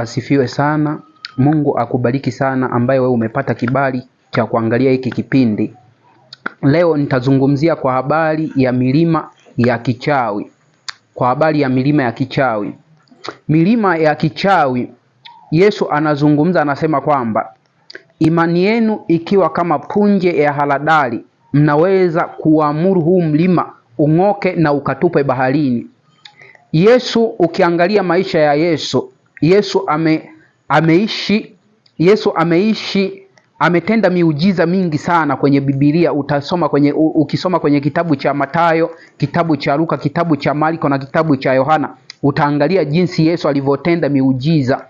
asifiwe sana. Mungu akubariki sana, ambaye wewe umepata kibali cha kuangalia hiki kipindi. Leo nitazungumzia kwa habari ya milima ya kichawi, kwa habari ya milima ya kichawi. Milima ya kichawi, Yesu anazungumza, anasema kwamba imani yenu ikiwa kama punje ya haradali, mnaweza kuamuru huu mlima ung'oke na ukatupe baharini. Yesu, ukiangalia maisha ya Yesu Yesu ame, ameishi Yesu ameishi ametenda miujiza mingi sana kwenye Biblia. Utasoma kwenye ukisoma kwenye kitabu cha Mathayo, kitabu cha Luka, kitabu cha Marko na kitabu cha Yohana, utaangalia jinsi Yesu alivyotenda miujiza.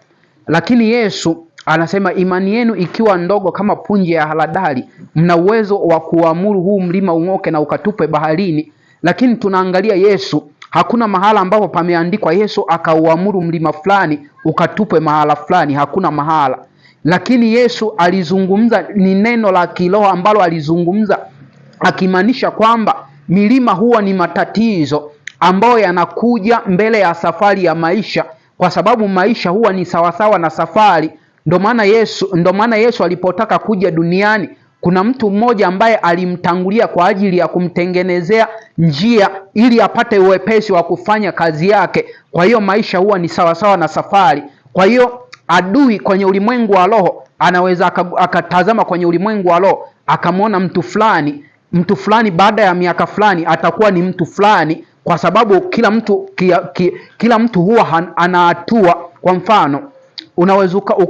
Lakini Yesu anasema, imani yenu ikiwa ndogo kama punje ya haradali, mna uwezo wa kuamuru huu mlima ung'oke na ukatupe baharini. Lakini tunaangalia Yesu Hakuna mahala ambapo pameandikwa Yesu akauamuru mlima fulani ukatupwe mahala fulani, hakuna mahala. Lakini Yesu alizungumza, ni neno la kiroho ambalo alizungumza akimaanisha kwamba milima huwa ni matatizo ambayo yanakuja mbele ya safari ya maisha, kwa sababu maisha huwa ni sawasawa na safari. Ndio maana Yesu, ndio maana Yesu alipotaka kuja duniani kuna mtu mmoja ambaye alimtangulia kwa ajili ya kumtengenezea njia ili apate uwepesi wa kufanya kazi yake. Kwa hiyo maisha huwa ni sawasawa na safari. Kwa hiyo adui kwenye ulimwengu wa roho anaweza akatazama kwenye ulimwengu wa roho akamwona mtu fulani, mtu fulani baada ya miaka fulani atakuwa ni mtu fulani, kwa sababu kila mtu kia, kia, kila mtu huwa ana hatua. Kwa mfano,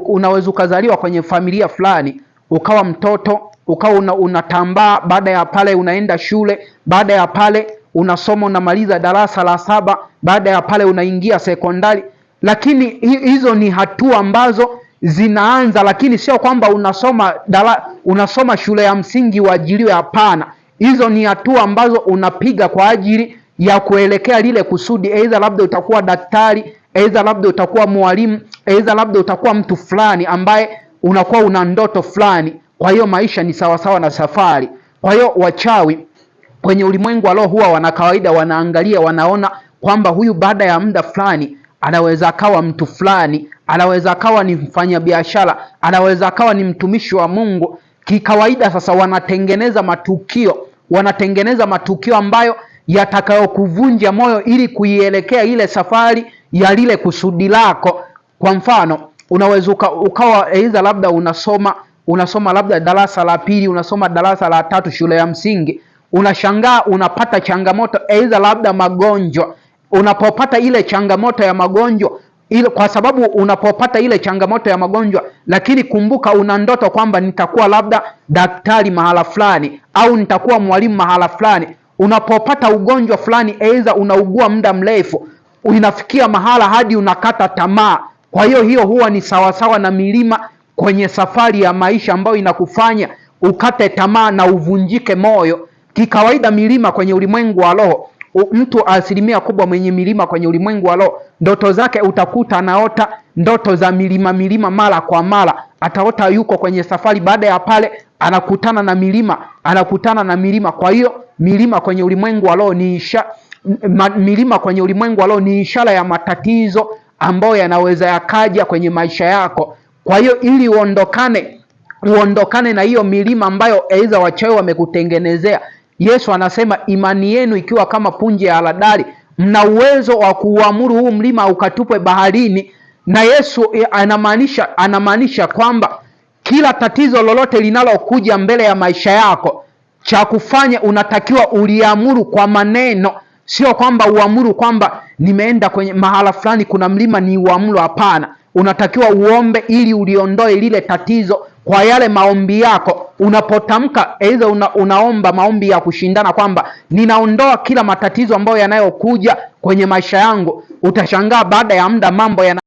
unaweza ukazaliwa kwenye familia fulani ukawa mtoto, ukawa una, unatambaa. Baada ya pale unaenda shule, baada ya pale unasoma, unamaliza darasa la saba, baada ya pale unaingia sekondari. Lakini hizo ni hatua ambazo zinaanza, lakini sio kwamba unasoma dala, unasoma shule ya msingi uajiriwe. Hapana, hizo ni hatua ambazo unapiga kwa ajili ya kuelekea lile kusudi. Aidha labda utakuwa daktari, aidha labda utakuwa mwalimu, aidha labda utakuwa mtu fulani ambaye unakuwa una ndoto fulani. Kwa hiyo maisha ni sawasawa na safari. Kwa hiyo wachawi kwenye ulimwengu wa roho huwa wana kawaida, wanaangalia, wanaona kwamba huyu baada ya muda fulani anaweza akawa mtu fulani, anaweza akawa ni mfanyabiashara, anaweza akawa ni mtumishi wa Mungu. Kikawaida sasa wanatengeneza matukio, wanatengeneza matukio ambayo yatakayokuvunja moyo ili kuielekea ile safari ya lile kusudi lako. Kwa mfano unaweza ukawa aidha labda unasoma unasoma labda darasa la pili, unasoma darasa la tatu shule ya msingi, unashangaa unapata changamoto aidha labda magonjwa. Unapopata ile changamoto ya magonjwa ile, kwa sababu unapopata ile changamoto ya magonjwa, lakini kumbuka, una ndoto kwamba nitakuwa labda daktari mahala fulani au nitakuwa mwalimu mahala fulani. Unapopata ugonjwa fulani, aidha unaugua muda mrefu, inafikia mahala hadi unakata tamaa. Kwa hiyo hiyo huwa ni sawasawa na milima kwenye safari ya maisha ambayo inakufanya ukate tamaa na uvunjike moyo. Kikawaida milima kwenye ulimwengu wa roho, mtu asilimia kubwa mwenye milima kwenye ulimwengu wa roho, ndoto zake utakuta anaota ndoto za milima milima mara kwa mara. Ataota yuko kwenye safari, baada ya pale anakutana na milima, anakutana na milima. Kwa hiyo milima kwenye ulimwengu wa roho ni isha, milima kwenye ulimwengu wa roho ni ishara ya matatizo ambayo yanaweza yakaja kwenye maisha yako. Kwa hiyo ili uondokane uondokane na hiyo milima ambayo aidha wachawi wamekutengenezea. Yesu anasema imani yenu ikiwa kama punje ya haradali, mna uwezo wa kuuamuru huu mlima ukatupwe baharini. Na Yesu e, anamaanisha anamaanisha kwamba kila tatizo lolote linalokuja mbele ya maisha yako, cha kufanya unatakiwa uliamuru kwa maneno Sio kwamba uamuru kwamba nimeenda kwenye mahala fulani kuna mlima ni uamuru. Hapana, unatakiwa uombe ili uliondoe lile tatizo kwa yale maombi yako. Unapotamka aidha una, unaomba maombi ya kushindana kwamba ninaondoa kila matatizo ambayo yanayokuja kwenye maisha yangu, utashangaa baada ya muda mambo yana